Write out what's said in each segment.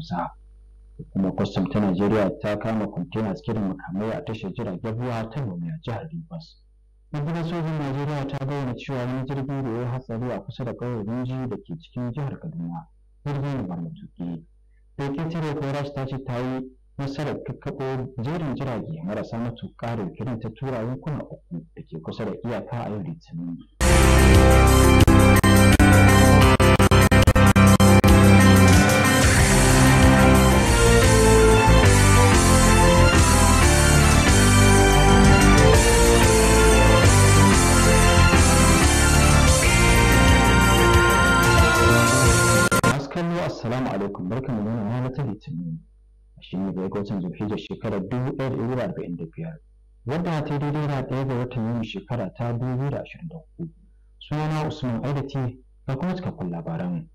Hausa. Hukumar kwastam ta Najeriya ta kama kwantena cike makamai a tashar jiragen ruwa ta Gombe a jihar Rivers. Rundunar sojin Najeriya ta bayyana cewa wani jirgin da ya hatsari a kusa da ƙauyen Rinji da ke cikin jihar Kaduna. Jirgin da mara matuƙi. Dokin tare Koras ta ce ta yi nasarar kakkaɓo jerin jirage marasa matuƙa da kiran ta tura yankuna uku da ke kusa da iyaka a yau Litinin. ga watan zulhijja shekarar dubu ɗaya da ɗari arba'in da biyar wadda ta yi daidai da ɗaya ga watan yuni shekara ta dubu da ashirin da hudu sunana usman aidati da kuma cikakkun labaran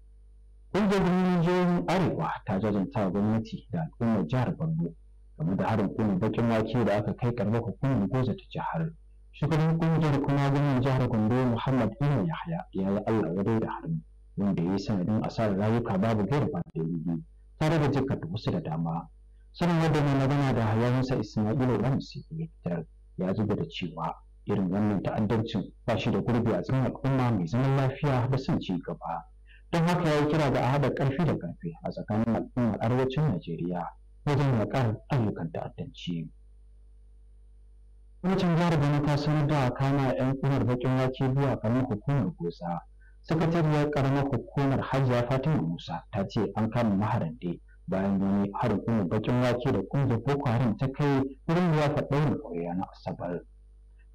ƙungiyar gwamnatin jihohin arewa ta jajanta gwamnati da al'ummar jihar borno game da harin kuma bakin wake da aka kai karamar hukumar goza ta jihar shugaban ƙungiyar kuma gwamnan jihar gombe muhammad ibn yahaya ya yi allah ya da harin wanda ya yi sanadin asarar rayuka babu gaira ba da yi tare da jikkata wasu da dama sanin wanda mai magana da yayansa Ismailu dan Musifi ya fitar ya zuba da cewa irin wannan ta'addancin ba shi da gurbi a cikin al'umma mai zaman lafiya da son ci gaba don haka ya yi kira ga a karfi da karfi a tsakanin al'ummar arewacin Najeriya wajen yaƙar ayyukan ta'addanci. Wani can jihar Borno ta sanar da kama 'yan kunar baƙin wake biya kamar hukumar goza. Sakatariyar karamar hukumar hajjiya Fatima Musa ta ce an kama maharande bayan wani harin kuma bakin wake da kungiyar ko haram ta kai wurin da ta faɗa da na asabar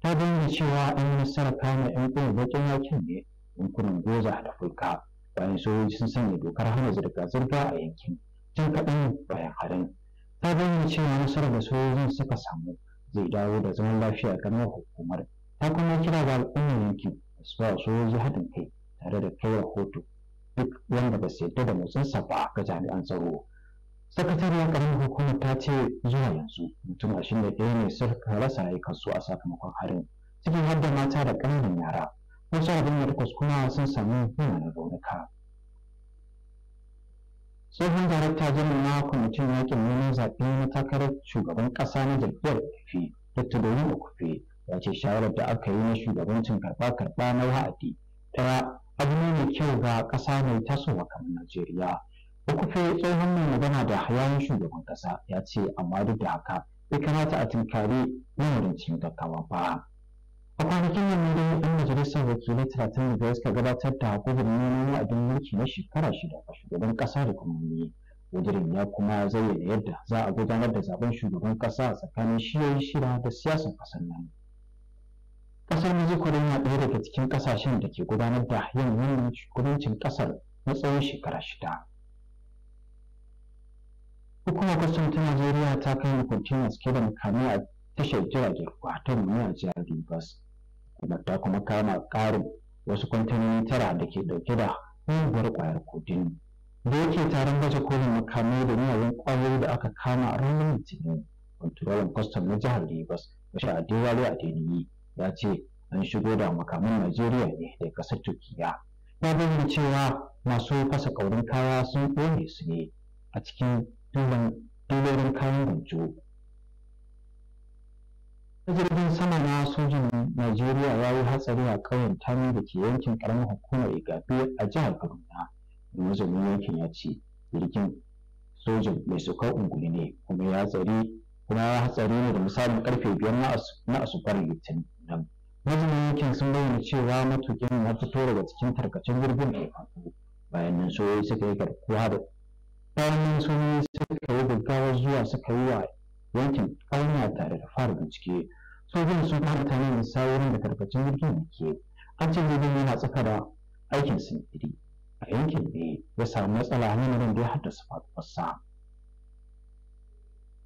ta bayyana cewa an nasarar kama yan kuma bakin waken ne yankunan goza da fulka bayan sojoji sun sanya dokar hana zirga-zirga a yankin tun kaɗan bayan harin ta bayyana cewa nasarar da sojojin suka samu zai dawo da zaman lafiya ga nan hukumar ta kuma kira ga al'ummar yankin su ba sojoji haɗin kai tare da kai rahoto duk wanda ba su yadda da motsinsa ba ga jami'an tsaro sakatariyar ƙaramin hukumar ta ce zuwa yanzu mutum ashirin da ɗaya ne suka rasa rayukansu a sakamakon harin cikin har da mata da ƙananan yara wasu abin da takwas kuma sun sami munanan raunuka tsohon darakta janar na kwamitin yakin neman zaɓe na takarar shugaban ƙasa na da ta dr da okufe ya ce shawarar da aka yi na shugabancin karɓa-karɓa na wa'adi ɗaya abu ne mai kyau ga ƙasa mai tasowa kamar najeriya kufe tsohon mai magana da hayani shugaban kasa ya ce amma duk da haka bai kamata a tunkari lamarin cikin gaggawa ba a kwanakin nan dai ɗan majalisar wakilai talatin da biyar suka gabatar da hakurin neman wa'adin mulki na shekara shida a shugaban kasa da kuma ne wajirin ya kuma zayyana yadda za a gudanar da zaben shugaban kasa tsakanin shiyoyi shida da siyasar kasar nan kasar mexico yana ɗaya daga cikin kasashen da ke gudanar da yin wannan shugabancin kasar na tsawon shekara shida hukumar kwastam ta najeriya ta kai hukunci masu kiran da a tashar jiragen ruwa ta nuna a jihar rivers kuma ta kuma kama karin wasu kwantenoni tara da ke dauke da muguwar kwayar kudin da yake taron baje kolin makamai da miyagun kwayoyi da aka kama a ranar litinin kwantarolin kwastam na jihar rivers bashir adewale a deniyi ya ce an shigo da makaman najeriya ne da kasar turkiya ya bayyana cewa masu fasa kaurin kaya sun kone su ne a cikin dilolin kayan gwanjo ta jirgin sama na sojin najeriya ya yi hatsari a ƙauyen tami da ke yankin ƙaramin hukumar igabe a jihar kaduna da mazamin yankin ya ce jirgin sojin mai saukar unguli ne kuma ya tsari kuma ya hatsari ne da misalin karfe biyar na asubar litinin nan mazamin yankin sun bayyana cewa matukin ya fito daga cikin tarkacen jirgin da ya faɗo bayan nan sojoji suka yi garkuwa da bayan mun sun suka yi gaggawa zuwa suka yi wa yankin ƙauya tare da fara bincike sojin sun fara tare da sauran da tarkacin jirgin da ke an ce yana tsaka da aikin sintiri a yankin ne ya samu matsala lamarin da ya haddasa sa.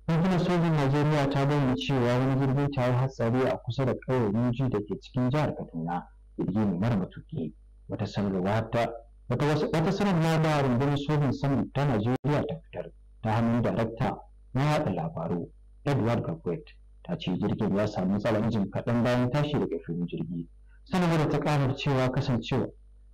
Hukumar sojin Najeriya ta bayyana cewa wani jirgin ta yi hatsari a kusa da ƙauyen Niji da ke cikin jihar Kaduna jirgi mai mara matuƙi wata sanarwa ta wata sanarwa da rundunar sojin sama ta najeriya ta fitar ta hannun darakta na yada labaru edward gakwet ta ce jirgin ya samu matsalar jin kaɗan bayan tashi daga filin jirgi sanarwar ta ƙarar cewa kasancewa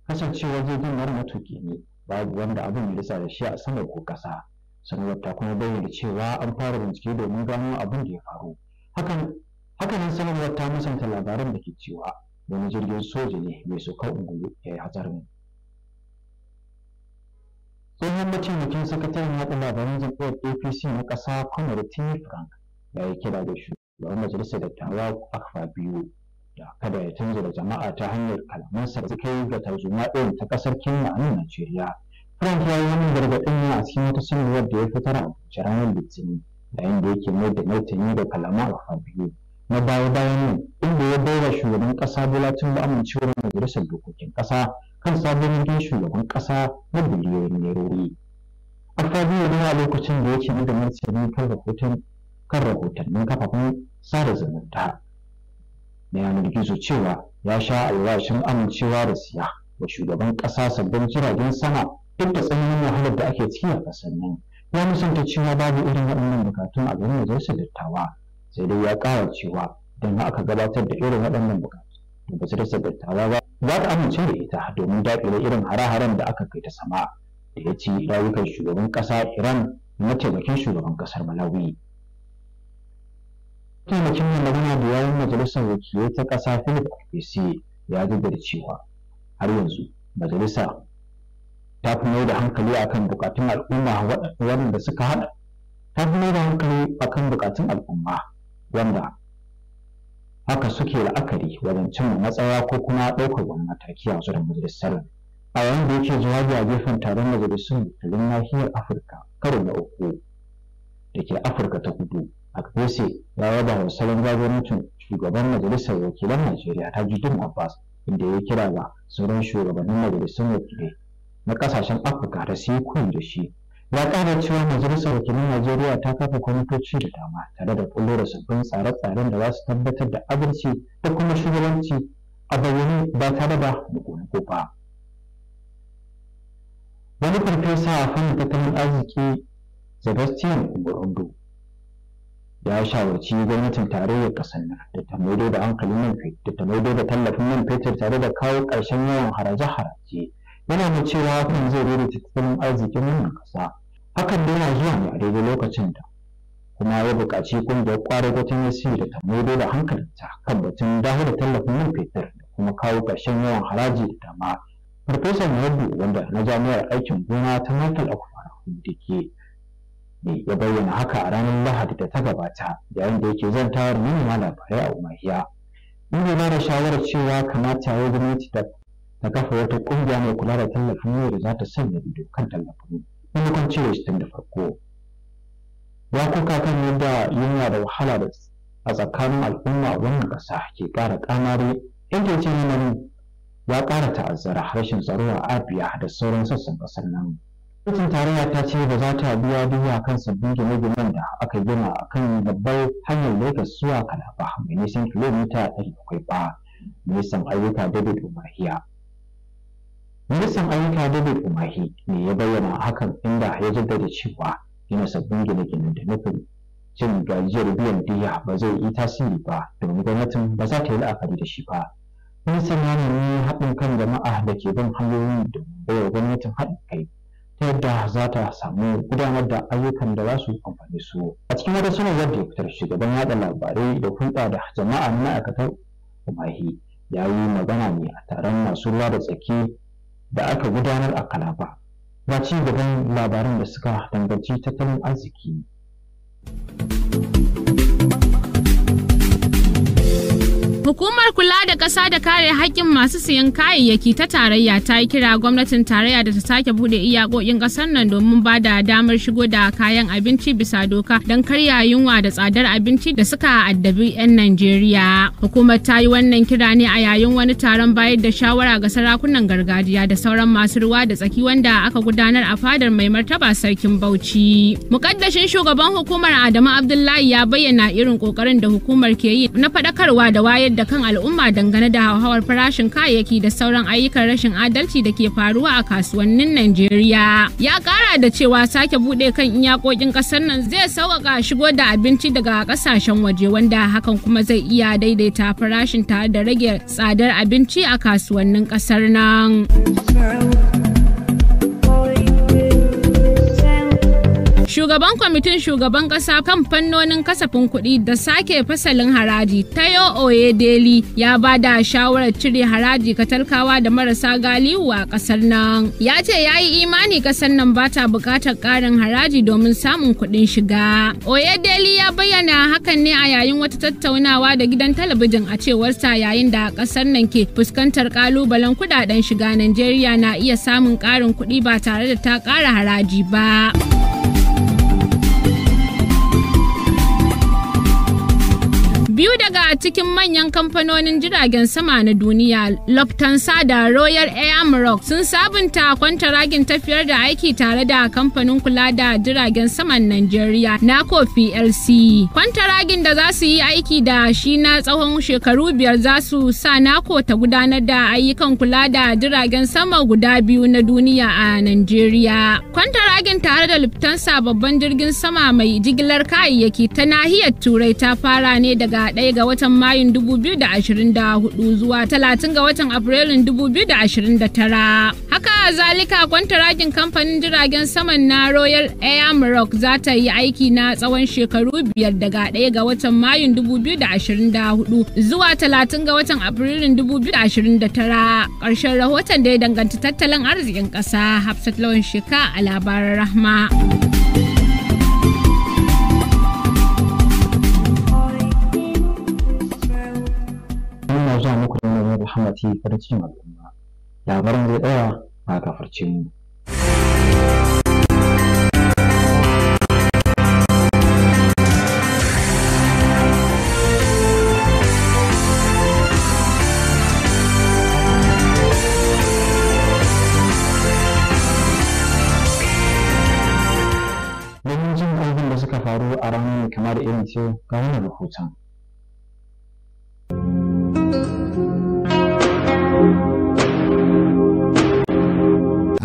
kasancewa jirgin mara matuki ne babu wanda abin ya risa da shi a sama ko ƙasa sanarwar ta kuma bayyana cewa an fara bincike domin gano abin da ya faru hakan hakanan sanarwar ta musanta labaran da ke cewa wani jirgin soja ne mai sauka ungulu ya yi hatsarin tsohon mataimakin sakataren yaɗa labaran jam'iyyar apc na ƙasa kwamar timi frank ya yi kira da shugaban majalisar dattawa akfa biyu da kada ya canza da jama'a ta hanyar kalamansa da suka yi ga tarzoma ɗin ta ƙasar kenya a nan najeriya frank ya yi wani gargaɗin ne a cikin wata sanarwar da ya fitar a ranar litinin yayin da yake mai da martani da kalaman akfa biyu na baya bayan nan inda ya baiwa shugaban ƙasa bola tinubu amincewar majalisar dokokin ƙasa kan sabon gidan shugaban ƙasa na biliyoyin nerori. Akfabiyo ne a lokacin da yake mai da martani kan rahoton kan rahotannin kafafen sada zumunta. Na yanar gizo cewa ya sha alwashin amincewa da siya wa shugaban ƙasa sabbin jiragen sama duk da tsananin wahalar da ake ciki a ƙasar nan. Ya musanta cewa babu irin waɗannan bukatun a garin majalisar dattawa sai dai ya ƙara cewa don aka gabatar da irin waɗannan bukatu. dasa dattawa ba za ta amince da ita domin daƙile irin hare-haren da aka kai ta sama da ya ci rayukan shugaban ƙasa iran da mataimakin shugaban ƙasar malawi mataimakin magana da yayin majalisar wakilai ta ƙasa philip alfesi ya jaddada cewa har yanzu majalisa ta fi mai da hankali akan bukatun al'umma waɗanda suka haɗa ta fi mai da hankali akan bukatun al'umma wanda haka suke la'akari wajen cin matsaya ko kuma ɗaukar wani mataki a zuwa majalisar a yayin da yake jawabi a gefen taron majalisun tattalin nahiyar afirka karo na uku da ke afirka ta kudu a kafese ya raba wa salon jagorancin shugaban majalisar wakilan najeriya ta tajuddin abbas inda ya kira ga sauran shugabannin majalisun wakilai na kasashen afirka da su yi da shi ya ƙara cewa majalisar wakilan najeriya ta kafa kwamitoci da dama tare da kullo da sabbin tsare-tsaren da za su tabbatar da adalci da kuma shugabanci a bayyane ba tare da nuku ba wani farfesa a fannin tattalin arziki sebastian burundo ya shawarci gwamnatin tarayyar ƙasar nan da ta maido da hankalin man da ta maido da tallafin man fetur tare da kawo ƙarshen yawan haraje-haraje yana da cewa hakan zai rubuta tattalin arzikin wannan ƙasa hakan da yana zuwa ne a daidai lokacin da kuma ya buƙaci ƙungiyar ƙwadago ta nasi da ta maido da hankalinta kan batun dawo da tallafin man fetur da kuma kawo ƙarshen yawan haraji da dama farfesa muhammadu wanda na jami'ar aikin gona ta michael akwara da ke ne ya bayyana haka a ranar lahadi da ta gabata yayin da yake zantawar manema labarai a umahiya inda ba da shawarar cewa kamata ya gwamnati ta kafa wata ƙungiya mai kula da tallafin yau da za ta sanya ido kan tallafin maimakon cire shi tun da farko ya kuka kan yadda yunwa da wahala da a tsakanin al'umma a wannan ƙasa ke ƙara ƙamari na nan ya ƙara ta'azzara harshen tsaro a abia da sauran sassan ƙasar nan Kotun tarayya ta ce ba za ta biya biya kan sabbin gine-ginen da aka gina a kan babbar hanyar Lagos zuwa Kalaba mai nisan kilomita 700 ba. Ministan ayyuka da bai umarhiya Ministan ayyuka David Umahi ne ya bayyana hakan inda ya jaddada cewa gina sabbin gine-gine da nufin Cin gajiyar biyan diya ba zai yi tasiri ba domin gwamnatin ba za ta yi la'akari da shi ba. Ministan ya nemi haɗin kan jama'a da ke bin hanyoyin da bayar gwamnatin haɗin kai ta yadda za ta samu gudanar da ayyukan da za su amfani su. A cikin wata sanarwar da ya fitar shugaban yaɗa labarai da hulɗa da jama'a na ma'aikatar Umahi ya yi magana ne a taron masu ruwa da tsaki da aka gudanar a kalaba ba ci gaban labaran da suka danganci tattalin arziki Hukumar kula da ƙasa da kare haƙƙin masu siyan kayayyaki ta tarayya ta yi kira gwamnatin tarayya da ta sake bude iyakokin ƙasar nan domin ba da damar shigo da kayan abinci bisa doka don karya yunwa da tsadar abinci da suka addabi 'yan Najeriya. Hukumar ta yi wannan kira ne a yayin wani taron bayar da shawara ga sarakunan gargajiya da sauran masu ruwa da tsaki wanda aka gudanar a fadar mai martaba sarkin Bauchi. Mukaddashin shugaban hukumar Adamu Abdullahi ya bayyana irin ƙoƙarin da hukumar ke yi na faɗakarwa da wayar da da kan al'umma dangane da hauhawar farashin kayayyaki da sauran ayyukan rashin adalci da ke faruwa a kasuwannin Najeriya. Ya kara da cewa sake buɗe kan iyakokin ƙasar nan zai sauƙaƙa shigo da abinci daga ƙasashen waje wanda hakan kuma zai iya daidaita farashin tare da rage tsadar abinci a kasuwannin ƙasar nan. Shugaban kwamitin shugaban ƙasa kan fannonin kasafin kuɗi da sake fasalin haraji ta Tayo Deli ya ba da shawarar cire haraji katalkawa talkawa da marasa galihu a ƙasar nan. Ya ce ya yi imani ƙasar nan ba ta buƙatar ƙarin haraji domin samun kuɗin shiga. Oye Deli ya bayyana hakan ne a yayin wata tattaunawa da gidan talabijin a cewar sa yayin da ƙasar nan ke fuskantar ƙalubalen kuɗaɗen shiga Najeriya na iya samun ƙarin kuɗi ba tare da ta ƙara haraji ba. cikin manyan kamfanonin jiragen sama na duniya lufthansa da royal air amrock sun sabunta kwantaragin tafiyar da aiki tare da kamfanin kula da jiragen saman Najeriya, nako plc kwantaragin da za su yi aiki da shi na tsawon shekaru biyar za su sa nako ta gudanar da ayyukan kula da jiragen sama guda biyu na duniya a najeriya kwantaragin tare da lufthansa babban jirgin sama mai jigilar kayayyaki ta nahiyar turai ta fara ne daga ɗaya ga watan watan Mayun 2024 zuwa 30 ga watan Afrilun 2029. Haka zalika ragin kamfanin jiragen saman na Royal Air Maroc za ta yi aiki na tsawon shekaru biyar daga 1 ga watan Mayun 2024 zuwa 30 ga watan Afrilun 2029. Ƙarshen rahoton da ya danganta tattalin arzikin ƙasa Hafsat Lawan Shika a labaran Rahma. rahmati farcin al'umma labarin zai tsaya a kafarce mu domin da suka faru a ranar irin su ga wani rahoton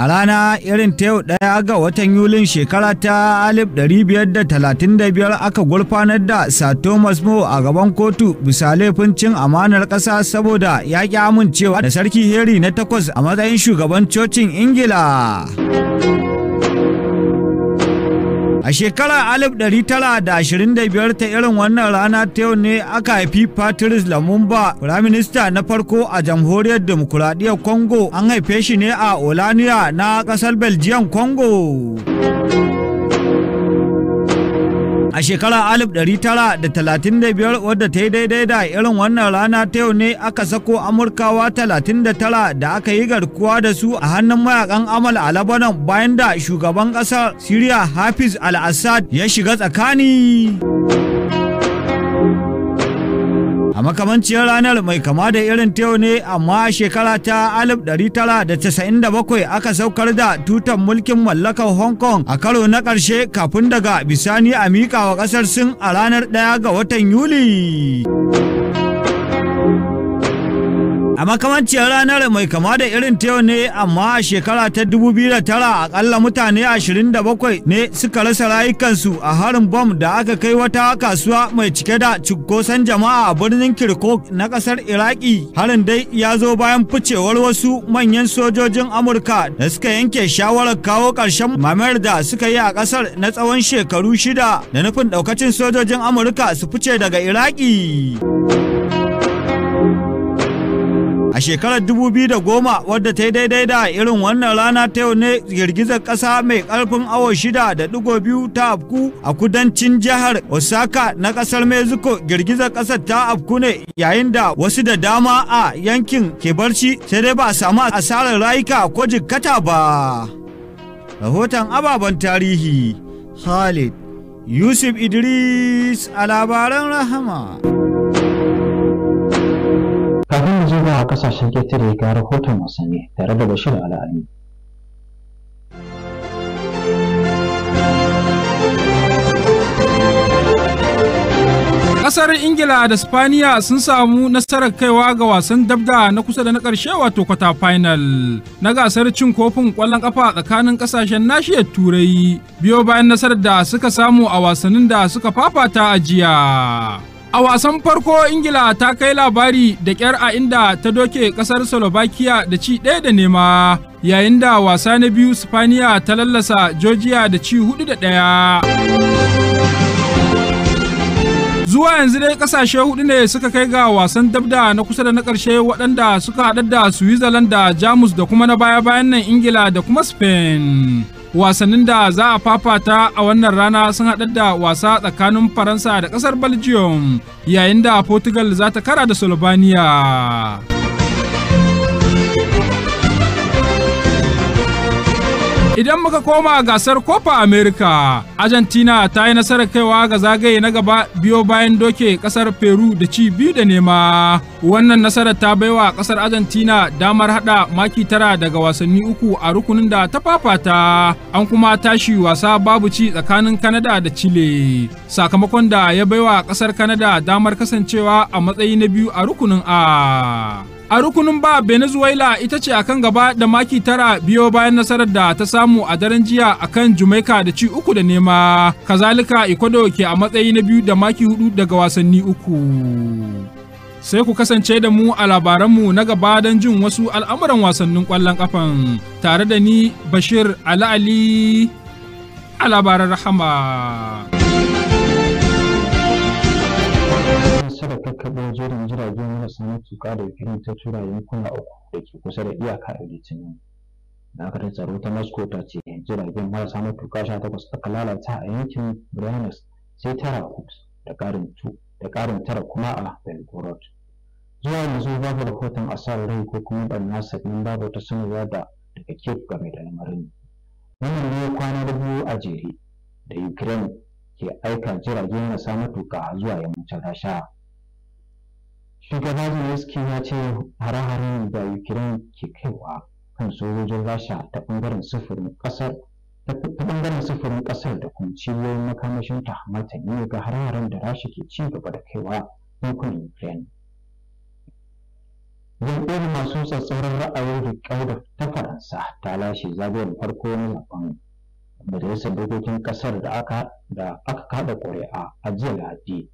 rana irin ta yau ɗaya ga watan yulin shekara ta 1535 aka gurfanar da thomas moore a gaban kotu bisa laifin cin amanar ƙasa saboda ya ƙi amincewa da sarki heri na takwas a matsayin shugaban cocin ingila A shekarar alif ɗari tara da ashirin da biyar ta irin wannan rana ta yau ne aka haifi Patrice lamumba firaminista na farko a jamhuriyar demokuraɗiyyar Congo an haife shi ne a Olaniya na ƙasar Belgium Congo. a shekara 1935 wadda ta yi daidai da irin wannan rana ta yau ne aka sako amurkawa 39 da aka yi garkuwa da su a hannun mayakan amal a labanan bayan da shugaban kasar syria hafiz al-assad ya shiga tsakani. a makamanciyar ranar mai kama da irin ta ne amma shekara ta 1997 aka saukar da tutan mulkin mallakar hong kong a karo na ƙarshe kafin daga bisani a mika wa ƙasar sin a ranar 1 ga watan yuli a makamancin ranar mai kama da irin ta yau ne amma a shekara ta 2009 akalla mutane 27 ne suka rasa rayukansu a harin bom da aka kai wata kasuwa mai cike da cunkoson jama'a a birnin kirkuk na kasar iraki harin dai ya zo bayan ficewar wasu manyan sojojin amurka da suka yanke shawarar kawo ƙarshen mamayar da suka yi a kasar na tsawon shekaru shida da nufin ɗaukacin sojojin amurka su fice daga iraki. A shekarar 2010 wadda ta yi daidai da irin wannan rana ta yau ne girgizar ƙasa mai ƙarfin awo shida da ɗigo biyu ta afku a kudancin jihar Osaka na ƙasar Mexico girgizar ƙasar ta afku ne yayin da wasu da dama a yankin ke barci sai dai ba a samu asarar rayuka ko jikkata ba. Rahoton ababen tarihi Khalid Yusuf Idris a labaran rahama. Kafin da zuwa a kasashen ƙetare ga rahoton wasanni tare da Bashir al'adu. Ƙasar Ingila da Spaniya sun samu nasarar kaiwa ga wasan dabda na kusa da na ƙarshe wato kwata final na gasar cin kofin ƙwallon ƙafa tsakanin ƙasashen nashiyar Turai biyo bayan nasarar da suka samu a wasannin da suka fafata a jiya. A wasan farko Ingila ta kai labari da kyar a inda ta doke kasar Slovakia da ci ɗaya da nema, yayin da wasa na biyu Spaniya ta lallasa Georgia da ci hudu da ɗaya. zuwa yanzu dai kasashe hudu ne suka kai ga wasan dabda na kusa da na ƙarshe waɗanda suka haɗar da switzerland da jamus da kuma na baya-bayan nan ingila da kuma spain wasannin da za a fafata a wannan rana sun haɗar da wasa tsakanin faransa da ƙasar belgium yayin da portugal za ta kara da slovenia Idan muka koma gasar Kofa America, Argentina ta yi nasarar kaiwa ga zagaye na gaba biyo bayan doke kasar Peru da ci biyu da nema. Wannan nasarar ta baiwa kasar Argentina damar hada maki tara daga wasanni uku a rukunin da ta fafata. An kuma tashi wasa babu ci tsakanin Canada da Chile. Sakamakon da ya baiwa kasar Canada damar kasancewa a matsayi na biyu a rukunin A. a rukunin ba venezuela ita ce akan gaba da maki tara biyo bayan nasarar da ta samu a daren jiya akan jamaica da ci uku da nema kazalika ecuador ke a matsayi na biyu da maki hudu daga wasanni uku sai ku kasance da mu a labaranmu na gaba don jin wasu al'amuran wasannin kwallon kafan tare da ni bashir ali a labaran rahama sun matuƙa da ukraine ta tura yankuna uku da ke kusa da iyaka a litinin dakatar tsaro ta moscow ta ce jiragen marasa matuka sha takwas aka lalata a yankin brianus sai tara hoops da ƙarin tara kuma a belgorod zuwa yanzu babu rahoton asarar rai ko kuma nasa ɗin babu ta sanarwa da daga kiev game da lamarin wannan ne kwana da biyu a jere da ukraine ke aika jiragen marasa matuka zuwa yammacin rasha shugaba zelensky ya ce hare-haren da ukraine ke kaiwa kan sojojin rasha ta bangaren sufurin kasar ta sufurin da kuma cibiyoyin makamashin ta martani ga hare-haren da rasha ke ci gaba da kaiwa yankunan ukraine yankunan masu tsatsauran ra'ayin da ta faransa ta lashe zagayen farko na zaben majalisar dokokin kasar da aka da aka kada ƙuri'a a jiya lahadi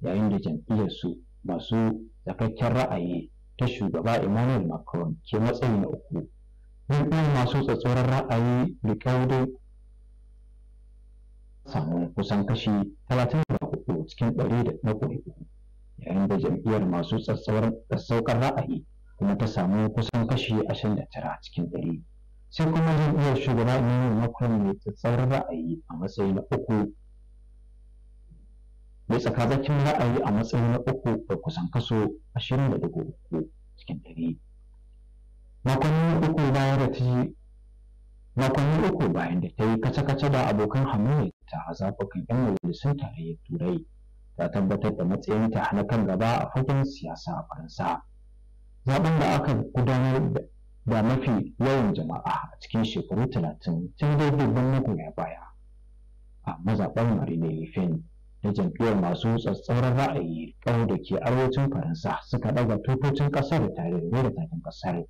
yayin da jam'iyyar su masu tsakakken ra'ayi ta shugaba Emmanuel Macron ke matsayi na uku. Ɗin masu tsatsoron ra'ayi Ricardo samu kusan kashi 34 cikin 100 na kuri'u yayin da jam'iyyar masu tsatsaukar ra'ayi kuma ta samu kusan kashi 29 cikin ɗari. sai kuma jam'iyyar shugaba Emmanuel Macron mai tsatsauran ra'ayi a matsayi na uku mai tsakazakin ra'ayi a matsayin na uku da kusan kaso ashirin da dubu uku cikin dare. makonni uku bayan da ta yi makonni da kace-kace da abokan hamayya ta kan yan majalisun tarayyar turai ta tabbatar da matsayinta na kan gaba a fagen siyasa a faransa zaben da aka gudanar da mafi yawan jama'a a cikin shekaru talatin tun dai dubban magoya baya a mazaɓar marine le pen da jam'iyyar masu tsatsauran ra'ayi ƙau da ke arewacin faransa suka ɗaga tutocin ƙasar tare da da takin ƙasar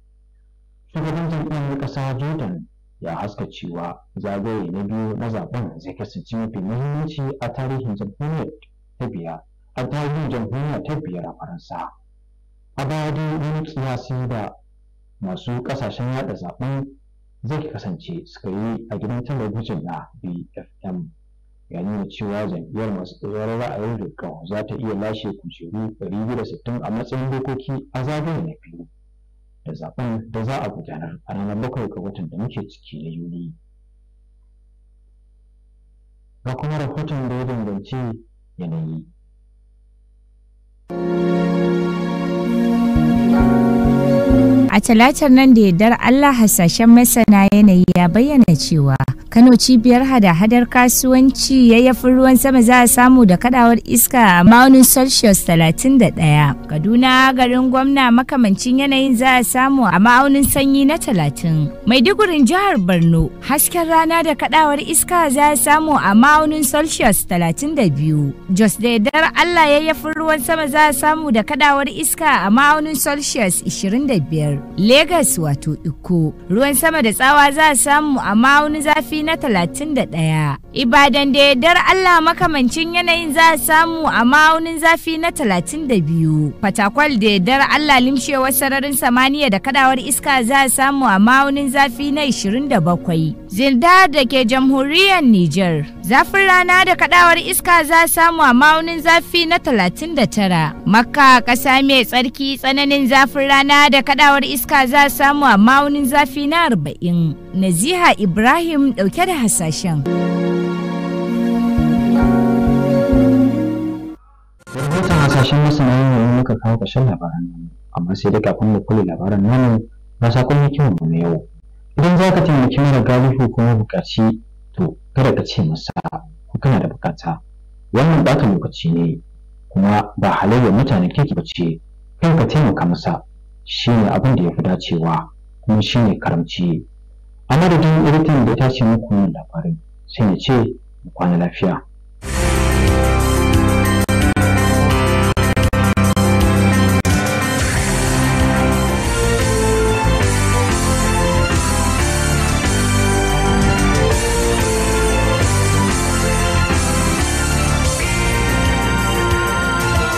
shugaban jam'iyyar ƙasa jordan ya haska cewa zagaye na biyu na zaben zai kasance mafi muhimmanci a tarihin jamhuriyar ta biyar a tarihin jamhuriyar ta biyar a faransa a baya dai wani siyasi da masu ƙasashen yada zaben zai kasance suka yi a gidan talabijin na bfm ya nuna cewa jam'iyyar masu tsoron ra'ayin dukkan za ta iya lashe kujeru 260 a matsayin dokoki a zaben na biyu da zaben da za a gudanar a ranar bakwai ga watan da muke ciki na yuli ga kuma rahoton da ya danganci yanayi a talatar nan da yardar allah hasashen masana yanayi ya bayyana cewa Kano cibiyar hada-hadar kasuwanci yayyafin ruwan sama za a samu da kadawar iska a maunin Celsius 31. Kaduna garin gwamna makamancin yanayin za a samu a ma'aunin sanyi na 30. Maidugurin jihar Borno hasken rana da kadawar iska za a samu a ma'aunin Celsius 32. Jos da yardar Allah yayyafin ruwan sama za a samu da kadawar iska a ma'aunin Celsius 25. Legas wato Iko ruwan sama da tsawa za a samu a ma'aunin zafi na na 31. Ibadan da yardar Allah makamancin yanayin za a samu a ma'aunin zafi na 32. Fatakwal da yardar Allah limshewar sararin samaniya da kadawar iska za a samu a ma'aunin zafi na 27. Zilda da ke jamhuriyar Nijar. Zafin rana da kadawar iska za samu a maunin zafi na 39. Makka ƙasa mai tsarki tsananin zafin rana da kadawar iska za samu a maunin zafi na 40. Naziha Ibrahim ɗauke da hasashen. Rahoton hasashen masana yanayi muka kawo ƙarshen labaran nan, amma sai da kafin mu kula labaran nan ba sakon mu na yau. idan za ka taimaki mara galihu kuma buƙaci to kada ka ce masa ko kana da buƙata wannan baka lokaci ne kuma ba halayyar mutane kirki ba ce kai ka taimaka masa shine abin da ya fi dacewa kuma shi ne karamci a madadin irin da ya tace muku labarin sai ya ce kwana lafiya